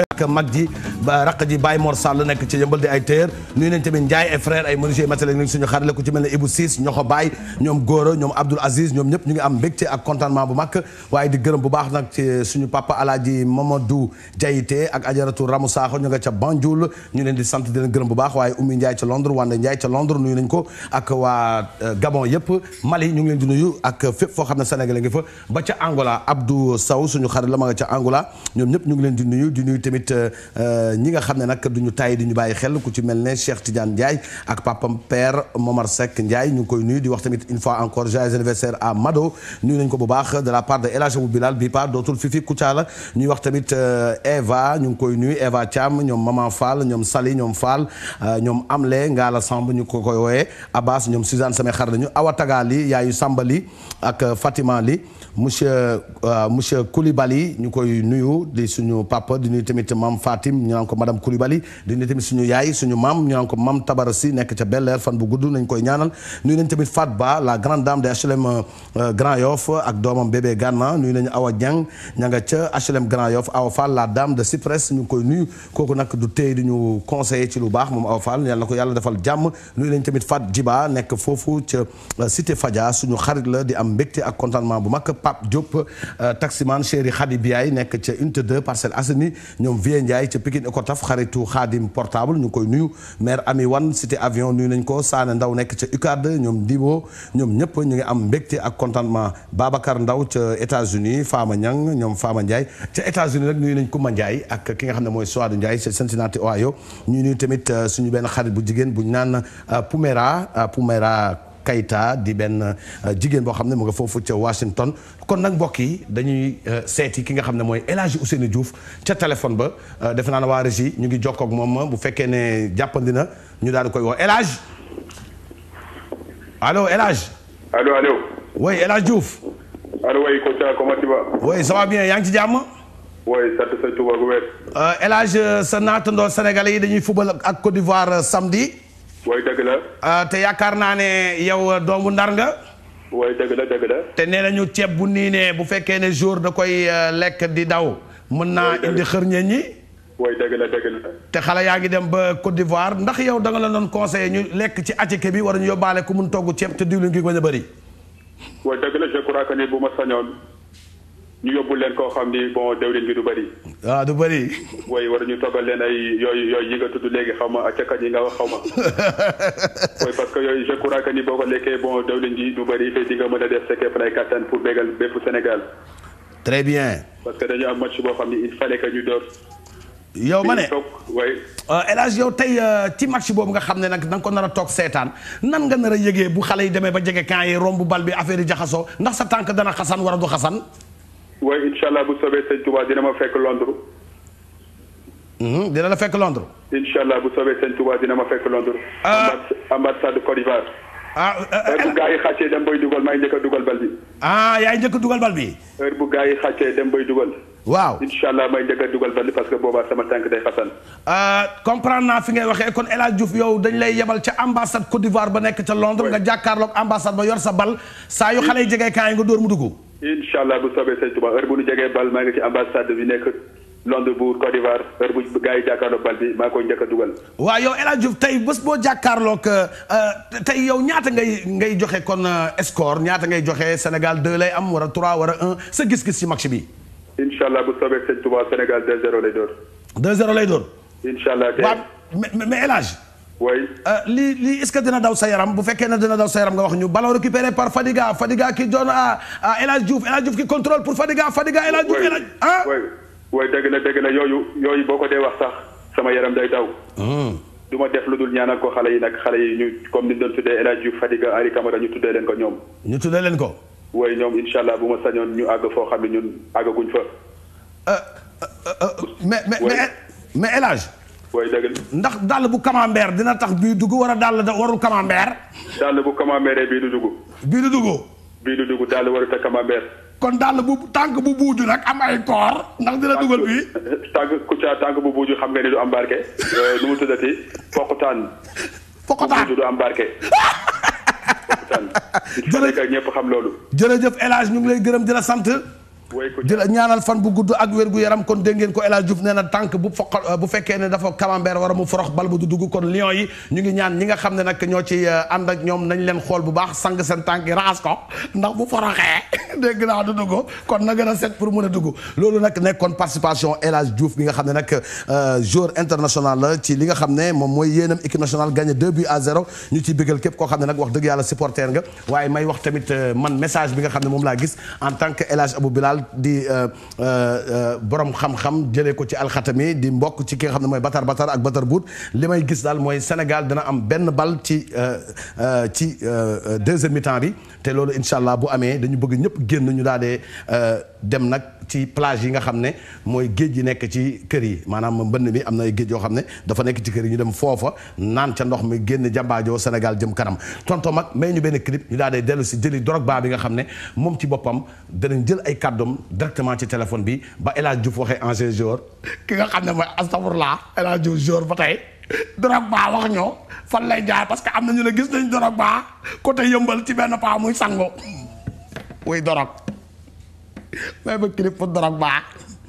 ak mag ji ba raq ji Baye Mor Sall nekk ci yëmbal di ay téer nuyu nañ tamit Ndiaye et ay menuisier matériel ñoxo Baye ñoom Gora Aziz ñoom ñëpp ñu ngi am mbégte ak contentement bu mag waaye di gërëm bu baax nag ci suñu papa Alaaji Mamadou Diayité ak Ajaratu Ramou ñu nga ca Banjul ñu leen di sant di leen gërëm bu baax waaye Oumy Ndiaye ca Londres Wande Ndiaye ca Londres nuyu nañ ko ak waa euh, Gabon yëpp Mali ñu ngi leen di nuyu ak fépp foo xam ne Sénégal ngi fa ba ca Angola Abdou Sow suñu xarit la ma nga tamit euh, euh, ñi nga xam ne nag duñu tàyyi di ñu bàyyi xel ku ci mel ne Cheikh Tidiane Ndiaye ak papam père Momar Seck Ndiaye ñu ngi koy nuyu di wax tamit une fois encore joyeux anniversaire à Mado nuyu nañ ko bu baax de la part de El Hadj Abou Bilal bi part dootul Fifi Kouthia la ñuy wax tamit euh, Eva ñu ngi koy nuyu Eva Thiam ñoom Maman Fall ñoom Sali ñoom Fall ñoom Amle Ngala Samb ñu ko koy wooyee Abbas ñoom Suzanne samay xar lañu Awa Taga li yaayu Samba li ak Fatima li monsieur monsieur Koulibaly ñu koy tamit maam Fatim ñu naan ko madame Coulibaly di nuyu tamit suñu yaay suñu maam ñu naan ko maam Tabara Si nekk ca Bel fan bu gudd nañ koy ñaanal nuyu nañ tamit Fat Ba la grande dame de HLM euh, Grand Yoff ak doomam bébé Gànna nuyu nañu Awa Dieng ña nga ca HLM ñu koy nuyu kooku nag du tey di ñu conseiller ci lu baax moom Awa Fall yàlla na ko yàlla defal jàmm nuyu nañ tamit Fat Jiba nekk foofu ca euh, Cité Fadia suñu xarit la di am mbégte ak contentement bu mag Pape Diop euh, taximan chéri Khady Biaye nekk ca unité 2 Parcelles ñoom Vieux Ndiaye ca Pikine Ecotaf xaritu Xaadim portable ñu ngi koy nuyu maire Ami Wan cité avion nuyu nañ ko Saane Ndaw nekk ca UCAD ñoom Dibo ñoom ñëpp ñu ngi am mbégte ak contentement Babacar Ndaw ca États-Unis Fama Niang ñoom Fama Ndiaye ca États-Unis rek nuyu nañ Koumba Ndiaye ak ki nga xam ne mooy Souadou Ndiaye ca Cincinnati Ohio ñu nuyu tamit euh, suñu benn xarit bu jigéen bu ñu naan euh, Poumera euh, Poumera Kayta di benn euh, jigéen boo xam ne mu nga foofu ca Washington kon nag mbokk yi dañuy euh, seeti ki nga xam ne mooy El Hadji Ousseynou Diouf ca téléphone ba euh, defe naa ne waa Régie ñu ngi jokkook ak moom bu fekkee ne jàppandi ñu daal di koy woo El Hadji allo El Hadji. allo allo. oui El Hadji Diouf. allo oui bien yaa ngi ci jàmm. oui sa naatandoo Sénégalais yi dañuy fubal ak Côte d'Ivoire samedi. way dëgg la. Ah, te yaakaar naa ne yow euh, doomu ndar nga. way dëgg la dëgg la. te nee nañu ceeb bu nii nee bu fekkee ne jour da koy euh, lekk di daw. mën naa indi xërñe ñi. way dëgg la dëgg la. te xale yaa ngi dem ba Côte d'Ivoire ndax yow da nga la doon conseillé ñu lekk ci atike bi war ñu yóbbaale ku mun togg ceeb te diwlin gi bañ a bëri. way dëgg la je crois que ni bu ma sañoon. ñu yóbbu leen koo xam ni bon dawlin bi du bëri. ah du bëri. waaye war a ñu toggal leen ay yooyu yooyu yi nga tudd léegi xaw ma ak yi nga wax xaw ma. waaye parce que yooyu je ni boo ko lekkee bon dawlin bi du bëri fii di nga mën a def sa képp lay kattan pour bégal bépp Sénégal. très bien. parce que dañu am match boo xam ni il fallait que ñu door. yow ma ne euh, El Hadj yow tey euh, ci match boobu nga xam ne nag danga ko nar a toog seetaan nan nga nar a yëgee bu xale yi demee ba jege camp yi romb bal bi affaire yi jaxasoo ndax sa tànk dana xasan war a du xasan waaye incha allah bu soobee sëñ Touba dina ma fekk Londres. Mhm, dina la fekk Londres. incha allah bu soobee sëñ Touba dina ma fekk Londres. Euh, ambassade Côte d'Ivoire. ah euh, euh, heure bu gaa yi xàccee dem bay dugal may njëkk a dugal bal bi. ah yaay njëkk dugal bal bi. heure bu gaa yi xàccee dem bay dugal. waaw incha allah may njëkk dugal bal bi parce que boobaa sama tànk day xasan. comprendre naa fi ngay waxee kon El Hadj Diouf yow dañ lay yebal ca ambassade Côte d'Ivoire ba nekk ca Londres nga jàkkaarloog ambassade ba yor sa bal saa yu xale yi jege yi nga dóor mu dugg. incha allah bu soobee sëñ Tuubaa heure bu ñu jegee bal maa ngi ci ambassade bi nekk Londres bu Côte d'Ivoire heure bu gars yi jàkkaarloo bal bi maa koy njëkk dugal. waaw yow El Hadj Diouf tey bés boo jàkkaarloog euh, euh, tey yow ñaata ngay ngay joxe kon euh, score ñaata ngay joxe Sénégal 2 lay am wala 3 wala 1 sa gis-gis ci match bi. incha allah bu soobee sëñ Tuubaa Sénégal 2-0 lay door. 2-0 lay door. incha allah tey oui. Euh, lii lii est-ce que dina daw sa yaram bu fekkee ne dina daw sa yaram nga wax ñu ballon récupéré par Fadiga Fadiga qui donne à El Hadj Diouf El Hadj Diouf qui contrôle pour Fadiga Fadiga El Hadj Diouf El Hadj ah. oui oui dëgg la dëgg la yooyu yooyu boo ko dee wax sax sama yaram day daw. Hmm. du ma def lu dul ñaanal xale yi nag xale yi ñu comme ni ñu doon tuddee El Hadj Diouf Fadiga Henri Camara ñu tuddee leen ko ñoom. ñu tuddee leen ko. oui ñoom incha allah bu ma sañoon ñu àgg foo xam ne ñun àggaguñ fa. Euh, euh, mais mais mais El ndax dàll bu camembert dina tax bii dugg war a dàll da warul camembert. dàll bu camembert bii du dugg. bii dugg. bii du dugg dàll warut a kon dàll bu tànk bu buuju nag am ay koor. ndax dina dugal bii. tànk Kouthia tànk bu buuju xam nga ni du embarqué. Euh, nu mu tuddati poqutaan. poqutaan bu buuju du embarqué. poqutaan. loolu. jërëjëf El Hadj ñu ngi lay gërëm di sant. di la euh, ñaanal fan bu gudd ak wér gu yaram kon dégg ngeen ko El Hadj Diouf nee na tànk bu foqa euh, bu fekkee ne dafa camembert war a mu forox bal bu du dugg kon lion yi ñu ngi ñaan ñi nga xam ne nag ñoo ci euh, ànd ak ñoom nañ leen xool bu baax sang seen tànk yi raxas ko ndax bu foroxee dégg naa du dugg kon na gën a set pour mën a dugg loolu nag nekkoon participation El Hadj Diouf bi nga xam ne nag joueur international la ci li nga xam ne moom mooy yéenam équipe nationale gagné à 0 ñu ciy bégal képp koo xam ne nag wax dëgg yàlla supporter nga waaye may wax tamit man message bi nga xam ne moom laa gis en tant que El Hadj Abou Bilal di euh, euh, euh, borom xam-xam jëlee ko ci alxatami di mbokk ci ki nga xam ne mooy Batar Batar ak Batar Buut li may gis daal mooy Sénégal dana am benn bal ci ci deuxième mi-temps bi te loolu incha allah bu amee dañu bëgg ñëpp génn ñu daal dee dem nag ci plage yi nga xam ne mooy géej gi nekk ci kër yi maanaam mbënn mi am na ay géej yoo xam ne dafa nekk ci kër yi ñu dem foofa naan ca ndox mi génn jàmbaajoo Sénégal jëm kanam tonton mag may ñu benn clip ñu daal dee dellu si jëli Drogba bi nga xam ne moom ci boppam danañ jël ay kàddoom directement ci téléphone bi ba El Hadj Diouf waxee ancien joueur ki nga xam ne mooy astafurlaa El Hadj Diouf joueur ba tey Drogba wax ñoo fan lay jaay parce que am na ñu ne gis nañ Drogba côté yëmbal ci benn paa muy sango muy dorog bàyyi ma clip pour dara baax